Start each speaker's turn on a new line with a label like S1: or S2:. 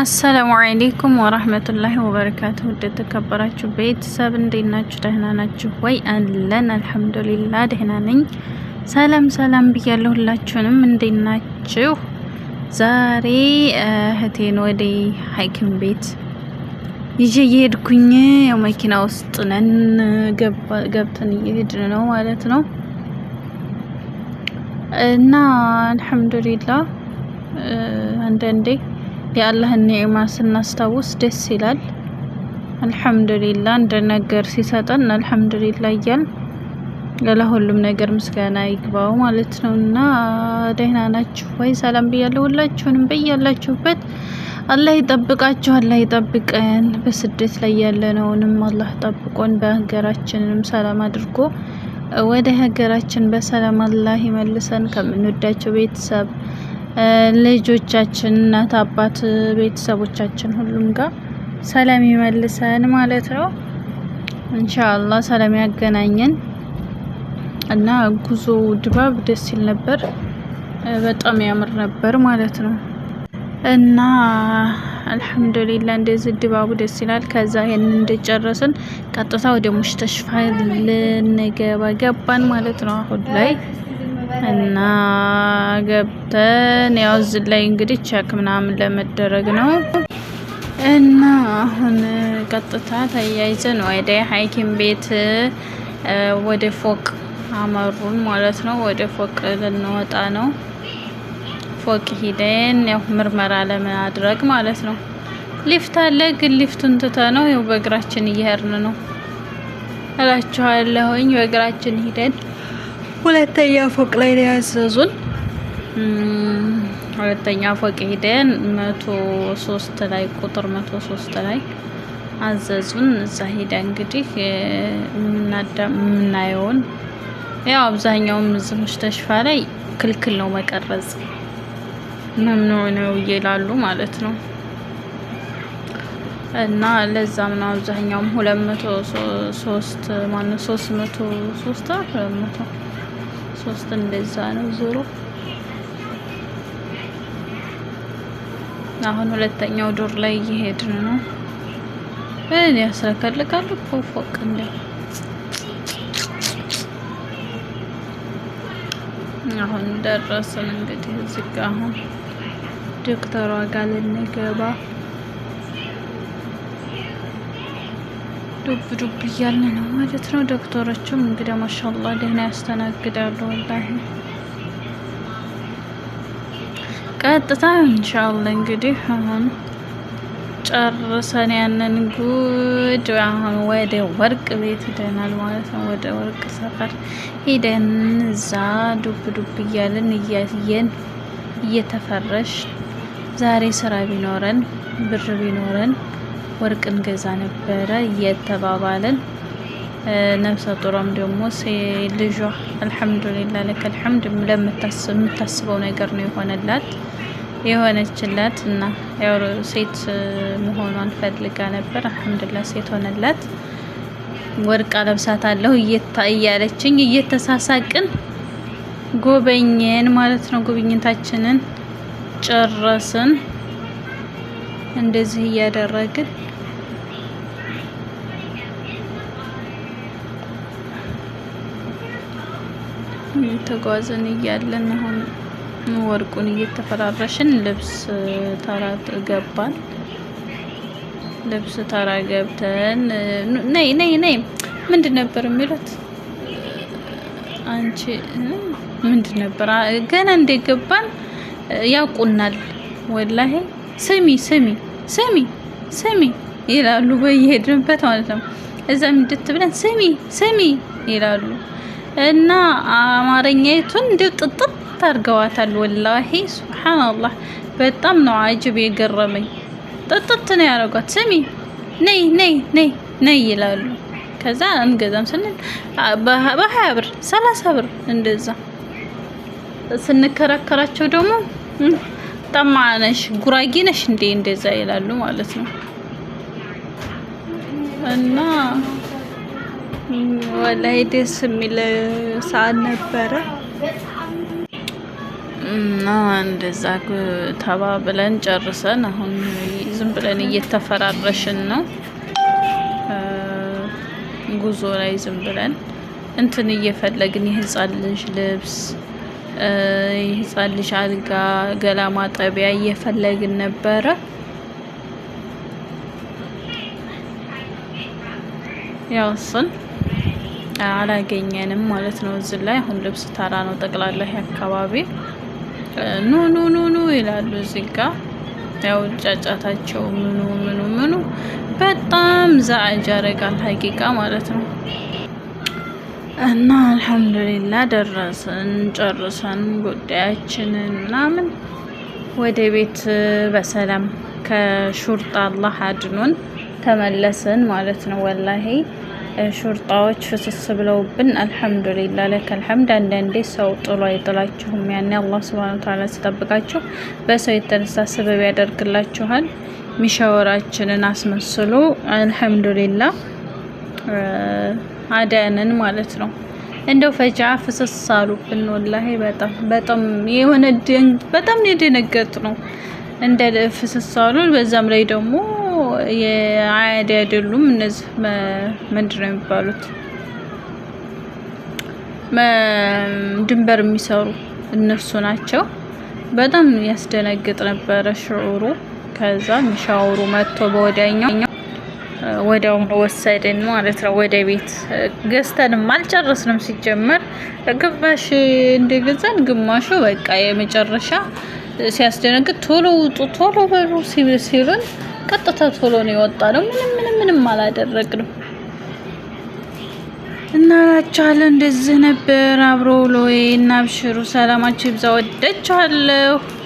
S1: አሰላሙ አለይኩም ወረህመቱላሂ ወበረካቱ። ውድ የተከበራችሁ ቤተሰብ እንዴት ናችሁ? ደህና ናችሁ ወይ? አለን አልሐምዱሊላ ደህና ነኝ። ሰላም ሰላም ብያለሁ ሁላችሁንም፣ እንዴት ናችሁ? ዛሬ እህቴን ወደ ሐኪም ቤት ይዤ እየሄድኩኝ ያው መኪና ውስጥ ነን፣ ገብተን እየሄድን ነው ማለት ነው እና አልሐምዱሊላ አንዳንዴ የአላህን ኒዕማ ስናስታውስ ደስ ይላል። አልሐምዱሊላ እንደ ነገር ሲሰጠን አልሐምዱሊላ እያል ለሁሉም ነገር ምስጋና ይግባው ማለት ነው። እና ደህና ናችሁ ወይ? ሰላም ብያለሁ ሁላችሁንም በያላችሁበት አላህ ይጠብቃችሁ፣ አላህ ይጠብቀን። በስደት ላይ ያለነውንም አላህ ጠብቆን በሀገራችንንም ሰላም አድርጎ ወደ ሀገራችን በሰላም አላህ ይመልሰን ከምንወዳቸው ቤተሰብ ልጆቻችን፣ እናት አባት፣ ቤተሰቦቻችን ሁሉም ጋር ሰላም ይመልሰን ማለት ነው። ኢንሻአላህ ሰላም ያገናኘን እና ጉዞ ድባብ ደስ ሲል ነበር፣ በጣም ያምር ነበር ማለት ነው። እና አልሐምዱሊላ እንደዚህ ድባቡ ደስ ይላል። ከዛ ይሄን እንደጨረስን ቀጥታ ወደ ሙሽተሽፋ ልንገባ ገባን ማለት ነው አሁን ላይ እና ገብተን ያው እዚህ ላይ እንግዲህ ቸክ ምናምን ለመደረግ ነው እና አሁን ቀጥታ ተያይዘን ወደ ሀይኪን ቤት ወደ ፎቅ አመሩን ማለት ነው። ወደ ፎቅ ልንወጣ ነው። ፎቅ ሂደን ያው ምርመራ ለማድረግ ማለት ነው። ሊፍት አለ፣ ግን ሊፍቱን ትተ ነው ያው በእግራችን እየሄድን ነው እላችኋለሁኝ። በእግራችን ሂደን ሁለተኛ ፎቅ ላይ ነው ያዘዙን። ሁለተኛ ፎቅ ሄደን መቶ ሶስት ላይ ቁጥር መቶ ሶስት ላይ አዘዙን። እዛ ሄደ እንግዲህ የምናየውን ያው አብዛኛውም እዚህ ተሽፋ ላይ ክልክል ነው መቀረጽ መምኖ ነው ይላሉ ማለት ነው። እና ለዛም ነው አብዛኛውም ሁለት መቶ ሶስት ማነው ሶስት መቶ ሶስት ሁለት መቶ ሶስት እንደዛ ነው ዙሩ። አሁን ሁለተኛው ዶር ላይ እየሄድን ነው። እኔ ያስረከልካል እኮ ፎቅ እንደው አሁን ደረስን እንግዲህ እዚህ ጋር አሁን ዶክተሯ ጋር ልንገባ ዱብ ዱብ እያለ ነው ማለት ነው። ዶክተሮችም እንግዲህ ማሻላ ደህና ያስተናግዳሉ። ወላሂ ቀጥታ እንሻላ እንግዲህ አሁን ጨርሰን ያንን ጉድ አሁን ወደ ወርቅ ቤት ሂደናል ማለት ነው። ወደ ወርቅ ሰፈር ሂደን እዛ ዱብ ዱብ እያለን እያየን እየተፈረሽ ዛሬ ስራ ቢኖረን ብር ቢኖረን ወርቅ እንገዛ ነበረ እየተባባልን ነፍሰ ጡሯም ደግሞ ልጇ አልሐምዱሊላ ለከ አልሐምድ የምታስበው ነገር ነው የሆነላት የሆነችላት እና ያው ሴት መሆኗን ፈልጋ ነበር። አልሐምዱሊላ ሴት ሆነላት። ወርቅ አለብሳት አለብሳታለሁ እያለችኝ እየተሳሳቅን ጎበኘን ማለት ነው። ጉብኝታችንን ጨረስን። እንደዚህ እያደረግን ተጓዘን እያለን አሁን ወርቁን እየተፈራረሽን ልብስ ተራ ገባን። ልብስ ተራ ገብተን ነይ ነይ ነይ ምንድን ነበር የሚሉት አንቺ ምንድን ነበር ገና እንደገባን ያውቁናል ወላሄ? ስሚ ስሚ ስሚ ስሚ ይላሉ በየሄድንበት ማለት ነው። እዛ ምድት ብለን ስሚ ስሚ ይላሉ እና አማርኛይቱን እንዲሁ ጥጥጥ አድርገዋታል። ወላሂ ሱብሓነላህ በጣም ነው አጅብ የገረመኝ። ጥጥት ነው ያደረጓት። ስሚ ነይ ነይ ነይ ነይ ይላሉ። ከዛ እንገዛም ስንል በሀያ ብር ሰላሳ ብር እንደዛ ስንከራከራቸው ደግሞ ጠማ ነሽ ጉራጌ ነሽ እንዴ? እንደዛ ይላሉ ማለት ነው። እና ወላይ ደስ የሚል ሰዓት ነበረ እና እንደዛ ተባ ብለን ጨርሰን አሁን ዝም ብለን እየተፈራረሽን ነው ጉዞ ላይ ዝም ብለን እንትን እየፈለግን የህፃን ልጅ ልብስ የህፃን ልጅ አልጋ፣ ገላ ማጠቢያ እየፈለግን ነበረ። ያው እሱን አላገኘንም ማለት ነው። እዚህ ላይ አሁን ልብስ ተራ ነው ጠቅላላ አካባቢ ኑ ኑ ኑ ኑ ይላሉ እዚህ ጋ ያው ጫጫታቸው ምኑ ምኑ ምኑ በጣም ዛዕጅ ያደርጋል ሀቂቃ ማለት ነው። እና አልሐምዱሊላ ደረስን ጨርሰን ጉዳያችንን ምናምን ወደ ቤት በሰላም ከሹርጣ አላህ አድኖን ተመለስን ማለት ነው። ወላሂ ሹርጣዎች ፍስስ ብለውብን አልሐምዱሊላ ለከል አልሐምድ። አንዳንዴ ሰው ጥሎ አይጥላችሁም። ያኔ አላህ ስብሃነሁ ተዓላ ሲጠብቃችሁ በሰው የተነሳ ስበብ ያደርግላችኋል። ሚሻወራችንን አስመስሉ አልሐምዱሊላ አዳንን ማለት ነው። እንደው ፈጃ ፍስስ አሉብን። ወላሂ በጣም በጣም የሆነ በጣም ነው የደነገጥ ነው እንደ ፍስስ አሉ። በዛም ላይ ደግሞ የአያድ አይደሉም እነዚህ ምንድን ነው የሚባሉት ድንበር የሚሰሩ እነሱ ናቸው። በጣም ያስደነግጥ ነበረ ሽዑሩ። ከዛ ሻውሩ መጥቶ በወዲያኛው ወዲያውኑ ወሰድን ማለት ነው ወደ ቤት። ገዝተንም አልጨረስንም ሲጀመር፣ ግማሽ እንደገዛን ግማሹ በቃ የመጨረሻ ሲያስደነግጥ ቶሎ ውጡ ቶሎ በሩ ሲሉን ቀጥታ ቶሎ ነው የወጣ ነው። ምንም ምንም ምንም አላደረግንም እና እላችኋለሁ እንደዚህ ነበር። አብሮ ውሎዬ እና አብሽሩ። ሰላማችሁ ይብዛ። ወደችኋለሁ።